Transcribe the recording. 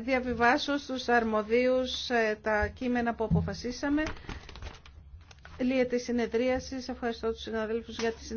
διαβιβάσω στους αρμοδίους ε, τα κείμενα που αποφασίσαμε. Λύεται η συνεδρίαση. Ευχαριστώ τους συναδέλφους για τη συνεργασία.